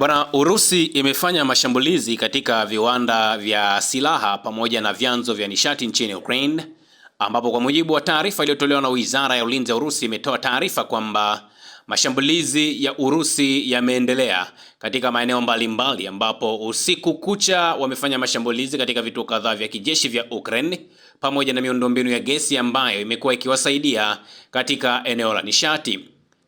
Bwana, Urusi imefanya mashambulizi katika viwanda vya silaha pamoja na vyanzo vya nishati nchini Ukraine, ambapo kwa mujibu wa taarifa iliyotolewa na Wizara ya Ulinzi ya Urusi imetoa taarifa kwamba mashambulizi ya Urusi yameendelea katika maeneo mbalimbali, ambapo usiku kucha wamefanya mashambulizi katika vituo kadhaa vya kijeshi vya Ukraine pamoja na miundombinu ya gesi ambayo imekuwa ikiwasaidia katika eneo la nishati.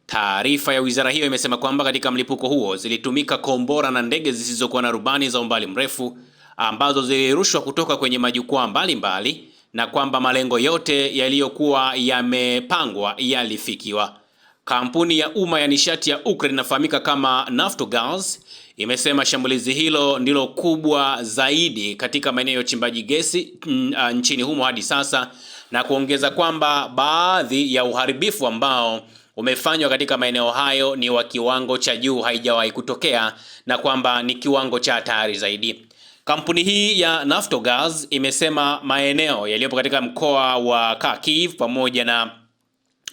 Taarifa ya wizara hiyo imesema kwamba katika mlipuko huo zilitumika kombora na ndege zisizokuwa na rubani za umbali mrefu ambazo zilirushwa kutoka kwenye majukwaa mbalimbali na kwamba malengo yote yaliyokuwa yamepangwa yalifikiwa. Kampuni ya umma ya nishati ya Ukraine inafahamika kama Naftogaz imesema shambulizi hilo ndilo kubwa zaidi katika maeneo ya uchimbaji gesi mm, ah, nchini humo hadi sasa na kuongeza kwamba baadhi ya uharibifu ambao umefanywa katika maeneo hayo ni wa kiwango cha juu haijawahi kutokea na kwamba ni kiwango cha hatari zaidi. Kampuni hii ya Naftogaz imesema maeneo yaliyopo katika mkoa wa Kharkiv pamoja na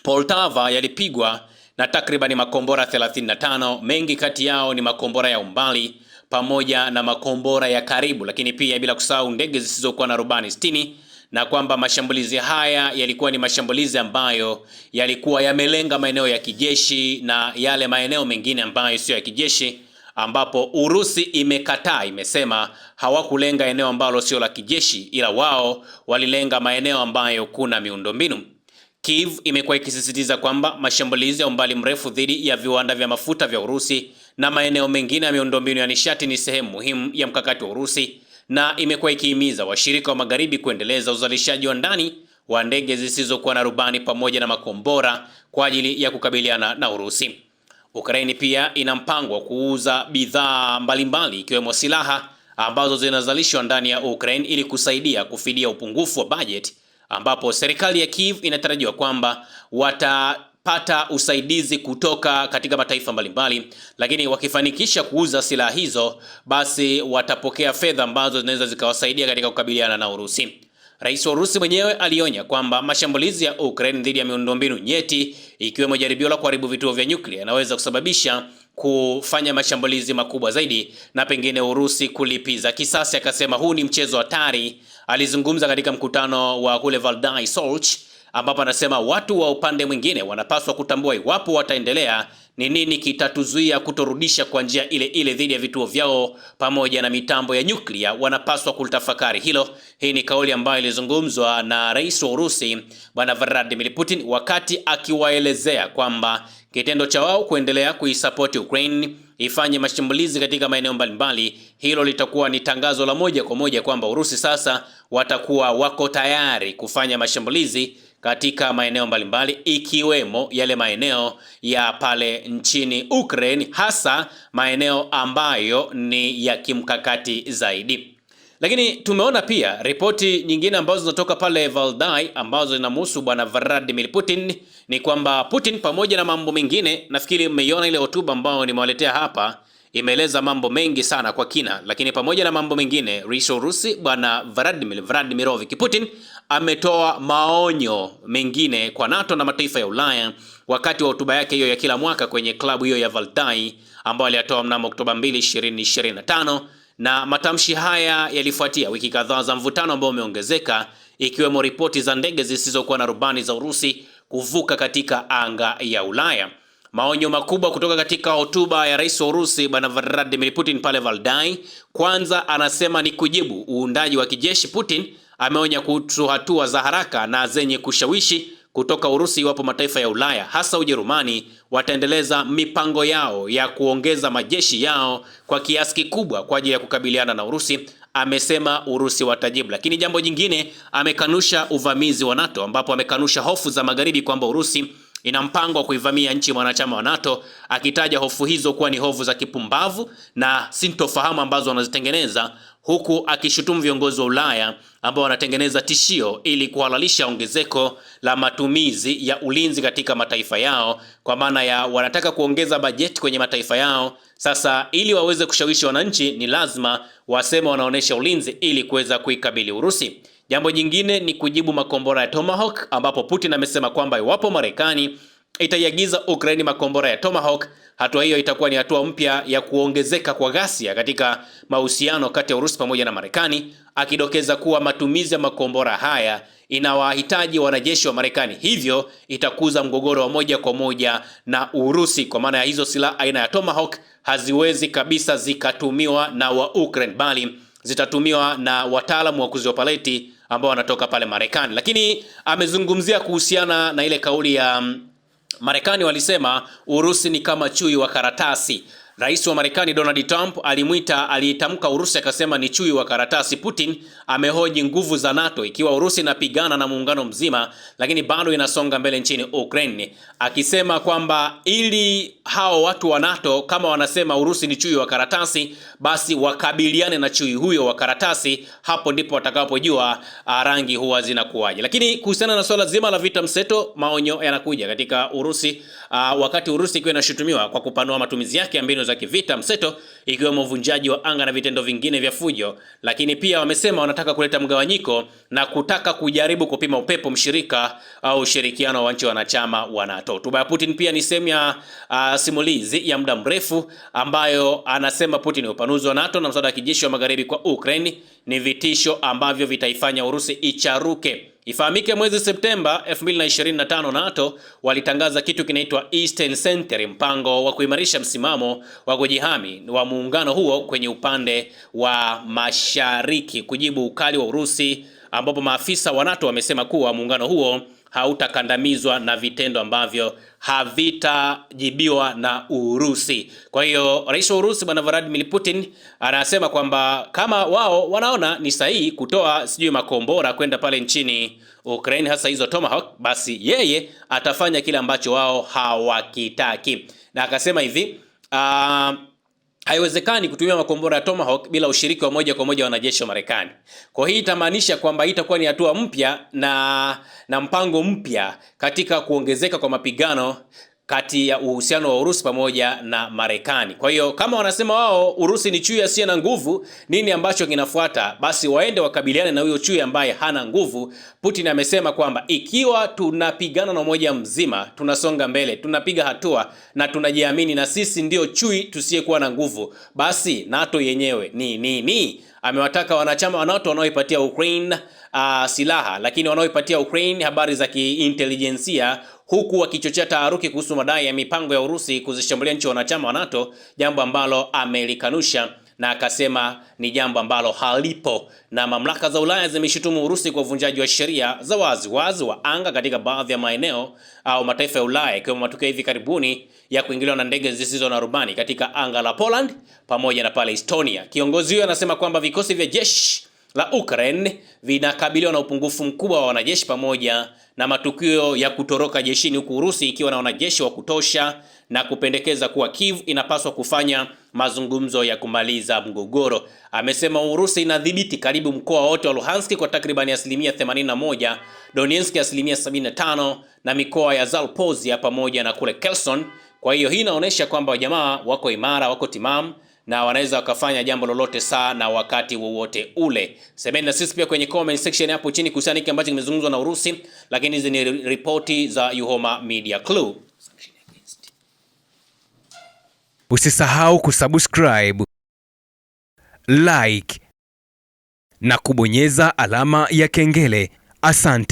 Poltava yalipigwa na takribani makombora 35, mengi kati yao ni makombora ya umbali pamoja na makombora ya karibu, lakini pia bila kusahau ndege zisizokuwa na rubani na kwamba mashambulizi haya yalikuwa ni mashambulizi ambayo yalikuwa yamelenga maeneo ya kijeshi na yale maeneo mengine ambayo siyo ya kijeshi, ambapo Urusi imekataa, imesema hawakulenga eneo ambalo sio la kijeshi, ila wao walilenga maeneo ambayo kuna miundombinu. Kiev imekuwa ikisisitiza kwamba mashambulizi ya umbali mrefu dhidi ya viwanda vya mafuta vya Urusi na maeneo mengine ya miundombinu ya nishati ni sehemu muhimu ya mkakati wa Urusi na imekuwa ikihimiza washirika wa magharibi kuendeleza uzalishaji wa ndani wa ndege zisizokuwa na rubani pamoja na makombora kwa ajili ya kukabiliana na Urusi. Ukraini pia ina mpango wa kuuza bidhaa mbalimbali ikiwemo silaha ambazo zinazalishwa ndani ya Ukraine ili kusaidia kufidia upungufu wa bajeti ambapo serikali ya Kiev inatarajiwa kwamba wata kupata usaidizi kutoka katika mataifa mbalimbali, lakini wakifanikisha kuuza silaha hizo, basi watapokea fedha ambazo zinaweza zikawasaidia katika kukabiliana na Urusi. Rais wa Urusi mwenyewe alionya kwamba mashambulizi ya Ukraine dhidi ya miundombinu nyeti ikiwemo jaribio la kuharibu vituo vya nyuklia yanaweza kusababisha kufanya mashambulizi makubwa zaidi na pengine Urusi kulipiza kisasi. Akasema huu ni mchezo hatari. Alizungumza katika mkutano wa kule Valdai Solch, ambapo anasema watu wa upande mwingine wanapaswa kutambua iwapo wataendelea, ni nini kitatuzuia kutorudisha kwa njia ile ile dhidi ya vituo vyao pamoja na mitambo ya nyuklia. Wanapaswa kutafakari hilo. Hii ni kauli ambayo ilizungumzwa na rais wa Urusi bwana Vladimir Putin wakati akiwaelezea kwamba kitendo cha wao kuendelea kuisapoti Ukraine ifanye mashambulizi katika maeneo mbalimbali, hilo litakuwa ni tangazo la moja kwa moja kwamba Urusi sasa watakuwa wako tayari kufanya mashambulizi katika maeneo mbalimbali ikiwemo yale maeneo ya pale nchini Ukraine, hasa maeneo ambayo ni ya kimkakati zaidi. Lakini tumeona pia ripoti nyingine ambazo zinatoka pale Valdai ambazo zinamhusu bwana Vladimir Putin, ni kwamba Putin pamoja na mambo mengine, nafikiri mmeiona ile hotuba ambayo nimewaletea hapa, imeeleza mambo mengi sana kwa kina, lakini pamoja na mambo mengine, rais wa Urusi bwana Vladimir Vladimirovich Putin ametoa maonyo mengine kwa NATO na mataifa ya Ulaya wakati wa hotuba yake hiyo ya kila mwaka kwenye klabu hiyo ya Valdai ambayo aliyatoa mnamo Oktoba 2, 2025 na matamshi haya yalifuatia wiki kadhaa za mvutano ambao umeongezeka ikiwemo ripoti za ndege zisizokuwa na rubani za Urusi kuvuka katika anga ya Ulaya. Maonyo makubwa kutoka katika hotuba ya rais wa Urusi bwana Vladimir Putin pale Valdai, kwanza anasema ni kujibu uundaji wa kijeshi Putin ameonya kuhusu hatua za haraka na zenye kushawishi kutoka Urusi iwapo mataifa ya Ulaya hasa Ujerumani wataendeleza mipango yao ya kuongeza majeshi yao kwa kiasi kikubwa kwa ajili ya kukabiliana na Urusi. Amesema Urusi watajibu. Lakini jambo jingine, amekanusha uvamizi wa NATO, ambapo amekanusha hofu za magharibi kwamba Urusi ina mpango wa kuivamia nchi mwanachama wa NATO, akitaja hofu hizo kuwa ni hofu za kipumbavu na sintofahamu ambazo wanazitengeneza, huku akishutumu viongozi wa Ulaya ambao wanatengeneza tishio ili kuhalalisha ongezeko la matumizi ya ulinzi katika mataifa yao, kwa maana ya wanataka kuongeza bajeti kwenye mataifa yao. Sasa ili waweze kushawishi wananchi, ni lazima waseme wanaonesha ulinzi ili kuweza kuikabili Urusi. Jambo jingine ni kujibu makombora ya Tomahawk ambapo Putin amesema kwamba iwapo Marekani itaiagiza Ukraini makombora ya Tomahawk, hatua hiyo itakuwa ni hatua mpya ya kuongezeka kwa ghasia katika mahusiano kati ya Urusi pamoja na Marekani, akidokeza kuwa matumizi ya makombora haya inawahitaji wanajeshi wa Marekani, hivyo itakuza mgogoro wa moja kwa moja na Urusi, kwa maana ya hizo silaha aina ya Tomahawk haziwezi kabisa zikatumiwa na wa Ukraine, bali zitatumiwa na wataalamu wa kuziopaleti ambao wanatoka pale Marekani, lakini amezungumzia kuhusiana na ile kauli ya mm, Marekani walisema Urusi ni kama chui wa karatasi. Rais wa Marekani Donald Trump alimwita aliitamka Urusi akasema ni chui wa karatasi. Putin amehoji nguvu za NATO ikiwa Urusi inapigana na muungano mzima, lakini bado inasonga mbele nchini Ukraine, akisema kwamba ili hao watu wa NATO kama wanasema Urusi ni chui wa karatasi, basi wakabiliane na chui huyo wa karatasi. Hapo ndipo watakapojua ah, rangi huwa zinakuwaje. Lakini kuhusiana na swala zima la vita mseto, maonyo yanakuja katika Urusi, ah, wakati Urusi ikiwa inashutumiwa kwa kupanua matumizi yake ya mbinu za kivita mseto, ikiwemo uvunjaji wa anga na vitendo vingine vya fujo, lakini pia wamesema wanataka kuleta mgawanyiko na kutaka kujaribu kupima upepo mshirika au ushirikiano wa nchi wanachama wa NATO. Hotuba ya Putin pia ni sehemu ya uh, simulizi ya muda mrefu ambayo anasema Putin upanuzi wa NATO na msaada wa kijeshi wa magharibi kwa Ukraine ni vitisho ambavyo vitaifanya Urusi icharuke. Ifahamike mwezi Septemba 2025 NATO walitangaza kitu kinaitwa Eastern Century, mpango wa kuimarisha msimamo wa kujihami wa muungano huo kwenye upande wa mashariki kujibu ukali wa Urusi, ambapo maafisa wa NATO wamesema kuwa muungano huo hautakandamizwa na vitendo ambavyo havitajibiwa na Urusi. Kwa hiyo rais wa Urusi bwana Vladimir Putin anasema kwamba kama wao wanaona ni sahihi kutoa sijui makombora kwenda pale nchini Ukraine, hasa hizo Tomahawk, basi yeye atafanya kile ambacho wao hawakitaki, na akasema hivi uh, Haiwezekani kutumia makombora ya Tomahawk bila ushiriki wa moja kwa moja wanajeshi wa Marekani. Kwa hii itamaanisha kwamba hii itakuwa ni hatua mpya na na mpango mpya katika kuongezeka kwa mapigano kati ya uhusiano wa Urusi pamoja na Marekani. Kwa hiyo kama wanasema wao Urusi ni chui asiye na nguvu, nini ambacho kinafuata? Basi waende wakabiliane na huyo chui ambaye hana nguvu. Putin amesema kwamba ikiwa tunapigana na umoja mzima, tunasonga mbele, tunapiga hatua na tunajiamini, na sisi ndio chui tusiyekuwa na nguvu, basi NATO yenyewe ni nini? Ni. Amewataka wanachama wa NATO wanaoipatia Ukraine uh, silaha, lakini wanaoipatia Ukraine habari za kiintelijensia huku akichochea taharuki kuhusu madai ya mipango ya Urusi kuzishambulia nchi wanachama wa NATO, jambo ambalo amelikanusha na akasema ni jambo ambalo halipo. Na mamlaka za Ulaya zimeshutumu Urusi kwa uvunjaji wa sheria za wazi wazi wa anga katika baadhi ya maeneo au mataifa ya Ulaya, ikiwemo matukio hivi karibuni ya kuingiliwa na ndege zisizo na rubani katika anga la Poland pamoja na pale Estonia. Kiongozi huyo anasema kwamba vikosi vya jeshi la Ukraine vinakabiliwa na upungufu mkubwa wa wanajeshi pamoja na matukio ya kutoroka jeshini huku Urusi ikiwa na wanajeshi wa kutosha na kupendekeza kuwa Kiev inapaswa kufanya mazungumzo ya kumaliza mgogoro. Amesema Urusi inadhibiti karibu mkoa wote wa Luhansk kwa takribani asilimia 81, Donetsk asilimia 75 na mikoa ya Zaporizhia pamoja na kule Kherson. Kwa hiyo hii inaonyesha kwamba jamaa wako imara, wako timamu na wanaweza wakafanya jambo lolote saa na wakati wowote ule. Semeni na sisi pia kwenye comment section hapo chini kuhusiana hiki ambacho kimezungumzwa na Urusi, lakini hizi ni ripoti za Yuhoma Media Clue. Usisahau kusubscribe, like na kubonyeza alama ya kengele. Asante.